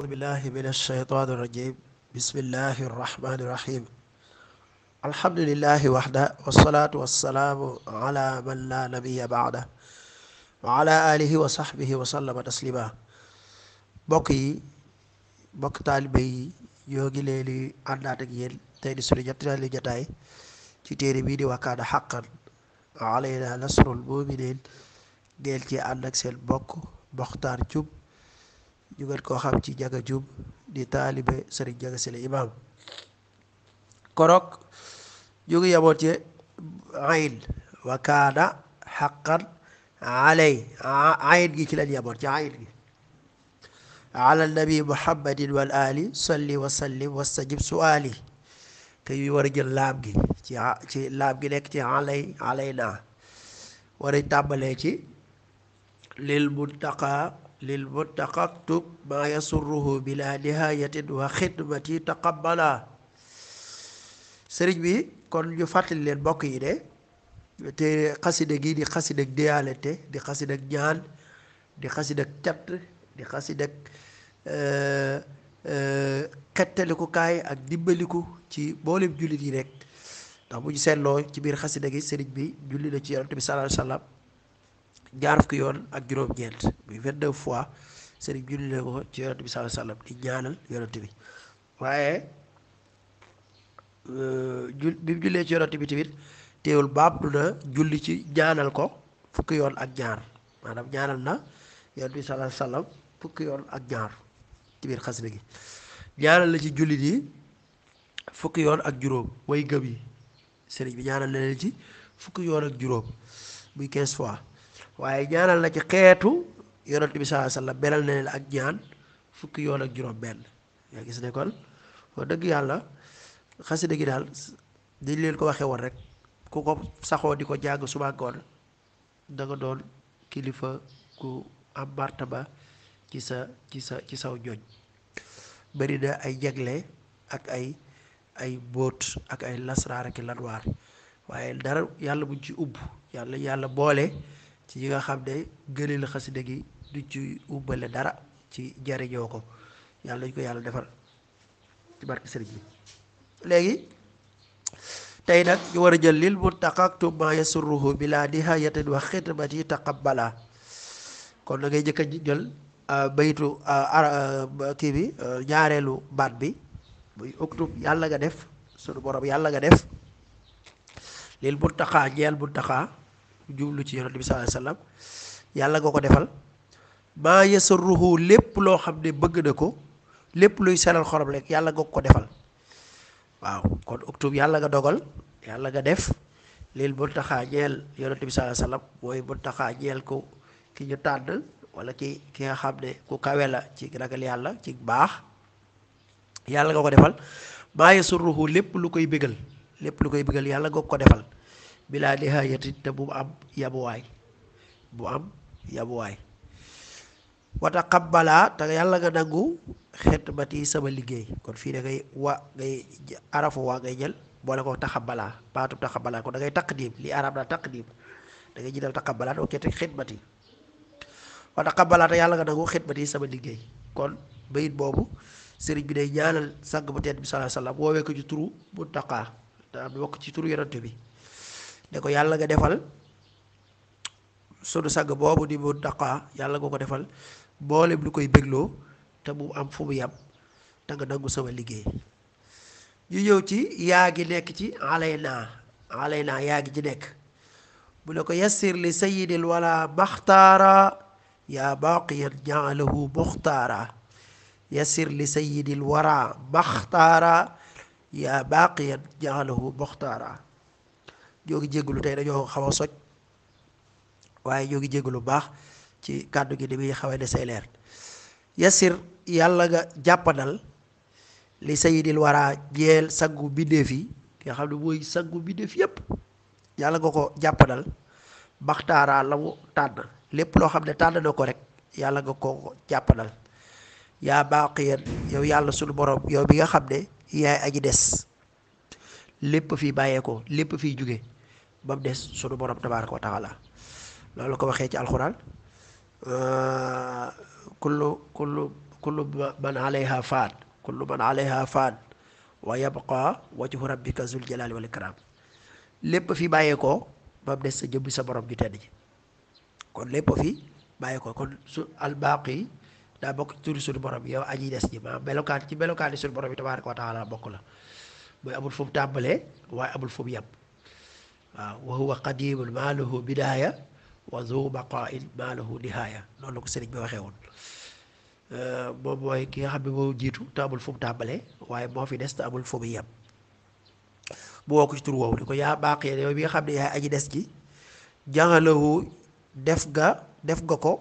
أعوذ بالله من الشيطان الرجيم بسم الله الرحمن الرحيم الحمد لله وحده والصلاة والسلام على من لا نبي بعده وعلى آله وصحبه وسلم تسليما mbokk yi mbokk taalibe yi ñoo ngi leen di àndaat ak yéen tey di suñu ñetteelu jotaay ci téere bii di wakkaana xaqan alayna nasrul muminin ngeen ci ànd ak seen mbokk Mokhtar Thioub ñu gën xam ci Njaga Jub di taalibe sëriñ Njaga Sylla imaam korok ñu ngi ci ayn wa kaana xaqan alay gi ci lañ yemoon ci ayn gi ala nabi muhammadin wal ali salli wa sallim wastajib suali te yu war a gi ci alay alay naa war a ci lil muntaqa للمتقى اكتب ما يسره بلا نهاية وخدمتي تقبلا sëriñ bi kon ñu fàttali leen bokk yi de te xasida gi di xasida ak déyaalante di xasida ak ñaan di xasida ak cat di xasida ak xettaliku euh, euh, ak dimbaliku ci mboolem jullit yi rek ndax mu ñu seetloo ci biir xasida gi sëriñ bi julli na ci yonent bi sallallahu alayhi ñaar fukki yoon ak juróom-ñeent muy 29 fois sëriñ julli na ko ci yonent bi sallallahu alayhi wasallam di ñaanal yonent bi waaye euh, jul bi julli ci ñaanal ko fukki yoon ak ñaar maanaam ñaanal na yonent bi sallallahu alayhi fukki yoon ak ñaar ci biir xasida gi ñaanal la ci jullit yi fukki yoon ak juróom way gëm yi sëriñ bi ñaanal na leen ci fukki yoon ak juróom muy 15 fois waaye ñaanal na ci xeetu yonent bi saa sallam beral ne la ak ñaan fukki yoon ak juróom benn yaa gis ne kon dëgg yàlla xasida gi daal dañ leen ko waxee woon rek ku ko saxoo di ko jàgg suba ngoon da nga doon kilifa ku am ba ci sa ci sa ci saw jooj bari ay jegle ak ay ay bóot ak ay lasraar ak lanwaar waaye dara yàlla buñ ci ubb yàlla yàlla boole ci yi nga xam ne gëneel xasida gi du ci ubbale dara ci jariñoo ko yàlla dañ ko yàlla defal ci barke sëriñ bi léegi tey nag ñu war a jël lil murtaqa aktub ma yasurruhu bila yi wa ab balaa kon da ngay jëkk a jël baytu kii bi ñaareelu baat bi muy uktub yàlla nga def sunu borom yàlla nga def lil murtaqa ñeel murtaqa jublu ci yonent bi sallallahu alayhi yàlla nga ko defal maa yasurruhu lépp loo xam ne bëgg na ko lépp luy selal xorom rek yàlla nga ko defal waaw kon octobre dogal yàlla nga def lil muntaxaa ñeel yonent bi sallallahu alayhi wasallam mooy muntaxaa ñeel ko ki ñu tànn wala ki ki nga la ci yàlla ci baax yàlla nga ko defal maa yasurruhu lépp lu koy bégal lépp lu koy bégal yàlla nga ko defal bilaa nihaayatin te bu mu am yamuwaay bu am yamuwaay wata xambalaa te yàlla nga nangu xetmati sama liggéey kon fii da ngay wa ngay arafu waa ngay jël boole ko taxabalaa baatub balaa kon da ngay taqdim li arab naa taqdim da ngay jiital taxabalaa doo kete te yàlla nga nangu xetmati sama liggéey kon bayit boobu sëriñ bi day ñaanal sang bu teet bi sa alayhi wasallam woowee ko ci turu Muntaqa te am bokk ci turu yonante bi de ko yàlla nga defal sunu sag boobu di mu daqaa yàlla nga ko defal mboolem lu koy bégloo te mu am fu mu yam te nga nangu sama liggéey yu ñëw ci yaa gi nekk ci alay naa yaa gi ci nekk mu ne ko yassir li sayidil wala maxtaara yaa baqiyan jaalahu muxtaara yassir li sayidil wara maxtaara yaa baqiyan jaalahu ñoo ngi jégalu tey dañoo xaw a soj waaye ñoo ngi jégalu bu baax ci kàddu gi di muy xaw a desee leer yasir yàlla nga jàppandal li sayidil waraa jeel sangu bindéef yi nga xam ne mooy sangu bindéef yépp yàlla nga ko jàppandal maxtaaraa la mu lépp loo xam ne tànn ko rek yàlla nga ko jàppandal yaa yow yàlla sunu borom yow bi nga xam ne yaay aji des lépp fii bàyyeekoo lépp fiy jóge ba mu des sunu borom tabaaraka wa taala la ko waxee ci alxuraan kullu kullu kullu man alayha faan kullu man alayha faan wa ci wajhu rabbika zul jalali wal ikram lépp fi bàyyeekoo ba des sa jëmbi sa borom ju tedd ji kon lépp fi bàyyeekoo kon su albaaqi daa bokk ci turi sunu borom yow aji des ji ma melokaan ci melokaan yi sunu borom yi tabaaraka wa bokk la mooy amul fu mu tàmbalee waaye amul fu mu yem waaw wa huwa qadimun maa lahu bidaaya wa zu baqaain maa lahu nihaaya noonu la ko sëriñ bi waxee woon euh, moom mooy ki xam ne moo jiitu te amul fu mu waaye moo fi des te amul fu mu ko ci tur woowu ni ko yaa baaqee yow bi nga xam ne yaay aji des ji jaxalawu def nga def nga ko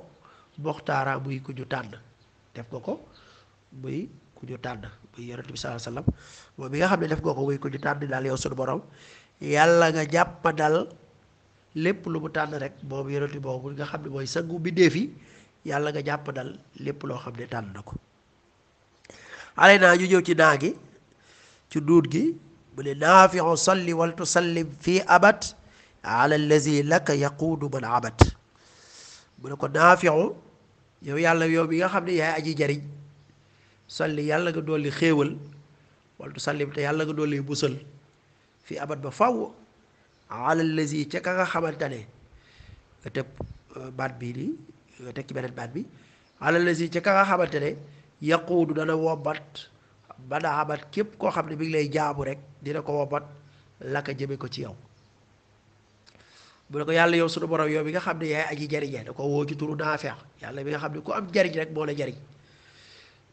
moxtaara muy ku ñu tànn def nga ko muy ku ñu tànn muy yonent bi sallallahu alayhi wasallam moom mi nga xam ne def nga ko muy ku ñu tànn daal yow suñu borom yàlla nga jàppandal dal lu mu tànn rek moom yonent bi nga xam ne mooy sangu bindéef yàlla nga jàppandal lépp loo xam ne tànn na ko. alay naa ñu ñëw ci naa gi ci duut gi mu ne naafiu salli wal tusallim fii abad ala allazi laka yaquudu man abad mu ne ko naafiu yow yàlla yow bi nga xam ne yaay aji jariñ salli yàlla nga dolli xéewal wala tu bi te yàlla nga dool dolli busal fi abat ba faw alallazi ca ka nga xamante ne nga tëb euh, baat bi di nga teg ci beneen baat bi alallazi ca ka nga xamante ne yaquudu dana wombat bana amat képp koo xam ne mi ngi lay jaabu rek dina ko wombat laka jëme ko ci yow bu ne ko yàlla yow sunu borom yow mi nga xam ne yaay aji jariñe da ko woo ci turu naafeex yàlla mi nga xam ne ku am jariñ rek moo la jariñ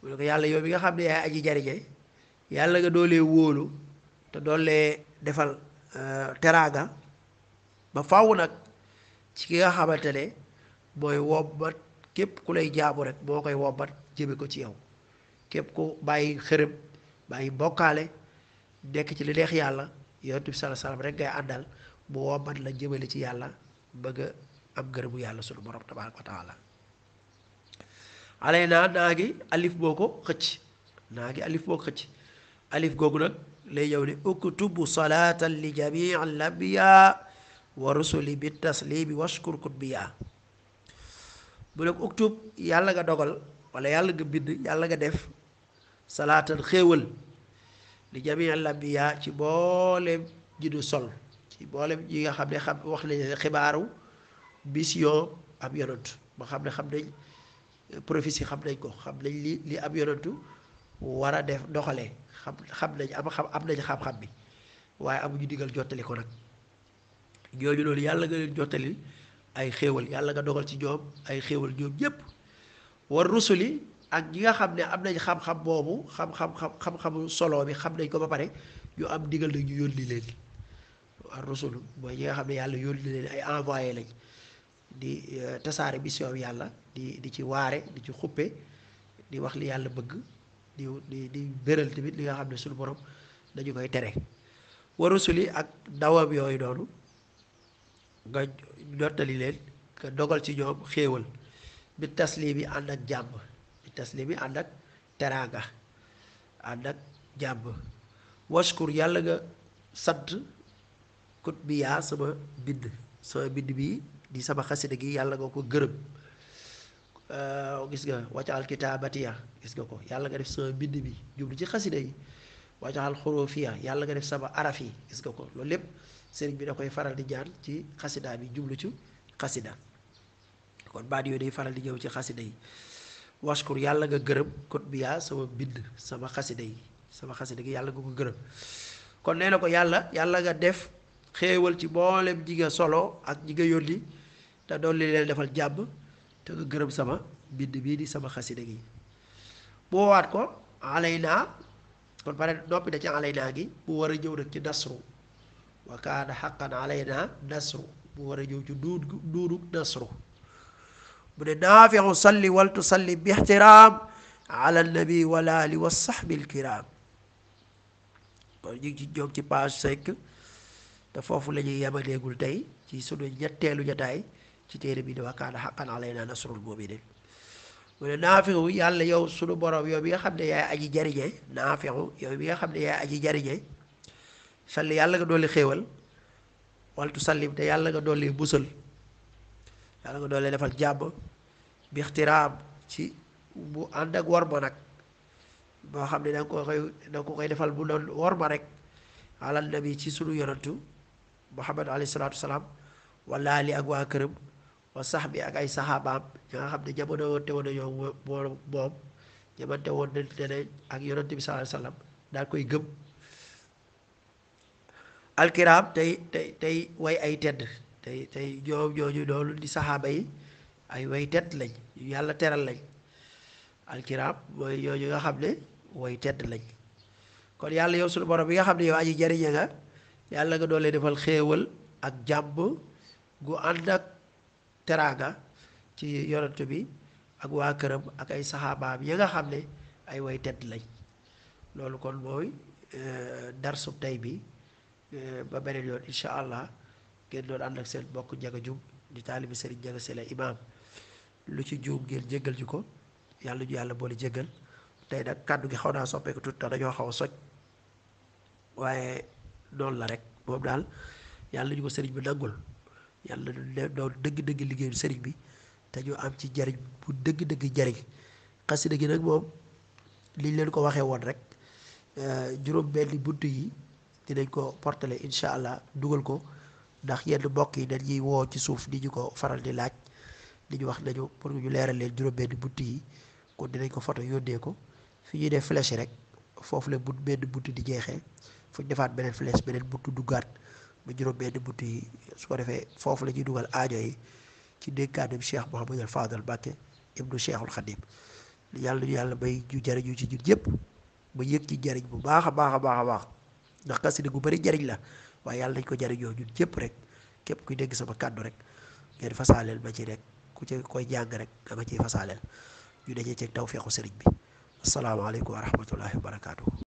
mu ne ko yàlla yow mi nga xam ne yaay aji jariñe yàlla nga doolee wóolu te doolee defal euh, teraanga ba faw nag ci ki nga xamante ne mooy wombat képp ku lay jaamu rek moo koy wombat jëme ko ci yow képp ku bàyyi xërëm bàyyi bokkaale nekk ci li deex yàlla yonent bi sallallahu alayhi rek ngay àndal mu wombat la jëmale ci yàlla bëgg a am gërëmu yàlla sunu borom tabaaraka wa alay naa naa gi alif boo ko xëcc naa gi alif boo ko xëcc alif googu nag lay ñëw ne uktubu salatan li jamii al anbiya wa rusuli bi taslimi washkur kutbiya bu ne uktub yàlla nga dogal wala yàlla nga bind yàlla nga def salaatan xéewal li jamii al anbiya ci booleem ji du sol ci boolem yi nga xam ne xam wax nañ xibaaru bis yoo am yonant xam ne xam nañ si xam nañ ko xam nañ li li ab yonantu war a def doxalee xam xam nañ am xam am nañ xam bi waaye amuñu digal jottali ko nag ñooñu loolu yàlla nga leen jottali ay xéewal yàlla nga dogal ci ñoom ay xéewal ñoom ñépp war rusuli ak ñi nga xam ne am nañ xam-xam boobu xam-xam xam-xamu solo bi xam nañ ko ba pare ñu am digal nag ñu yónni leen war rusulu mooy ñi nga xam ne yàlla yónni leen ay envoyé lañ di eh, tasaare mission bi yàlla di di ci waare di ci xuppe di wax li yàlla bëgg di di di béral tamit li nga xam ne suñu borom dañu koy tere wa rusuli ak dawam yooyu noonu nga jottali leen nga dogal ci ñoom xéewal bi taslim bi ànd ak jàmm bi taslim yi ànd ak teraanga ànd ak jàmm washkur yàlla nga sant kut bi yaa sama bind sama bind bii di sama xasida gi yàlla nga ko gërëm euh, gis nga waccaxal kitaabatiya gis nga ko yàlla nga def sama mbind bi jublu ci xasida yi yàlla nga def sama araf yi gis nga ko loolu lépp sëriñ bi da koy faral di ñaan ci xasida bi jublu ci xasida kon baat di ñëw ci xasida yi washkur yàlla nga gërëm kot bi sama mbind sama xasida yi yàlla nga kon nee na ko yàlla yàlla nga def xéewal ci mboolem ñi nga solo ak ñi nga te doon leen defal jàmm te nga gërëm sama bind bii di sama xasida gi boo waat ko alaynaa kon pare noppi da ci alaynaa gi bu war a ñëw nag ci nasru wa kaana xaqan alaynaa nasru bu war a ñëw ci duud duudug nasru mu ne naafiu salli wal tusalli bi ixtiraam ala nabi wal aali wa saxbi kon ñu ci ñoom ci page cinq te foofu lañuy ñuy tey ci sunu ñetteelu jataay ci téere bi di wax kaana xaqan alaynaa nasrul mu'miniin mu ne naafiu yàlla yow sunu borom yow bi nga xam ne yaay aji jariñe naafiu yow bi nga xam ne yaay aji jariñe salli yàlla nga dolli xéewal waltu sallim te yàlla nga dolli busal yàlla nga dolli defal jàmm bi ixtiraam ci bu ànd ak war ma nag boo xam ne danga ko koy danga koy defal bu doon war ma rek alal nabi ci sunu yonantu muhammad alayhi salaatu wasalaam walla ali ak waa këram wa sax bi ak ay saxaabaam ñi nga xam ne jamono te woon nañoo moom jamante woon nañ ne ak yonent bi sallallahu alayhi daal koy gëm alkiraam tey tey tey way ay tedd tey tey ñoom ñooñu loolu di saxaaba yi ay way tedd lañ yàlla teral lañ alkiraam mooy ñooñu nga xam ne way tedd lañ kon yàlla yow sunu borom bi nga xam ne yow aji jariña nga yàlla nga doole defal xéewal ak jàmm gu ànd ak teraanga ci yonent bi ak waa këram ak ay saxaabaam yi nga xam ne ay way tedd lañ loolu kon mooy euh, darsu tey bi euh, ba beneen yoon incha allah ngeen doon ànd ak seen bokk njaga jub di taalibi sëriñ njaga si la imaam lu ci juum ngeen jéggal ji ko yàlla ju yàlla boole jéggal tey nag kàddu gi xaw naa soppeeku tuuti te dañoo xaw a soj waaye noonu la rek boobu daal yàlla ñu ko sëriñ bi nangul yàlla loolu dëgg-dëgg liggéeyu sëriñ bi te ñu am ci jariñ bu dëgg-dëgg jariñ xasida gi nag moom liñ leen ko waxee woon rek euh, juróom benni bunt yi dinañ ko portale incha allah dugal ko ndax yenn mbokk yi dañuy woo ci suuf di ñu ko faral di laaj di ñu wax nañu pour ñu leeral leen juróom benni bunt yi kon dinañ ko foto yónnee ko fi ñuy def flèche rek foofu la but benn bunt di jeexee fu ñu defaat beneen flèche beneen bunt duggaat ba juróom-benn bunt yi su ko defee foofu la ñuy dugal aajo yi ci dénkaanam Cheikh Mouhamadul Fadal Mbàkke ibnu Cheikhul Xadim yàlla yàlla bay ju jariñu ci ñun yëpp ba yëg ci jariñ bu baax a baax a baax a ndax xasida gu bari jariñ la waaye yàlla nañ ko jariñoo ñun yëpp rek képp kuy dégg sama kàddu rek ngeen fasaaleel ma ci rek ku ci koy jàng rek nga ma ciy fasaaleel ñu dajee ci tawféexu sëriñ bi asalaamaaleykum wa rahmatullahi wa barakaatu.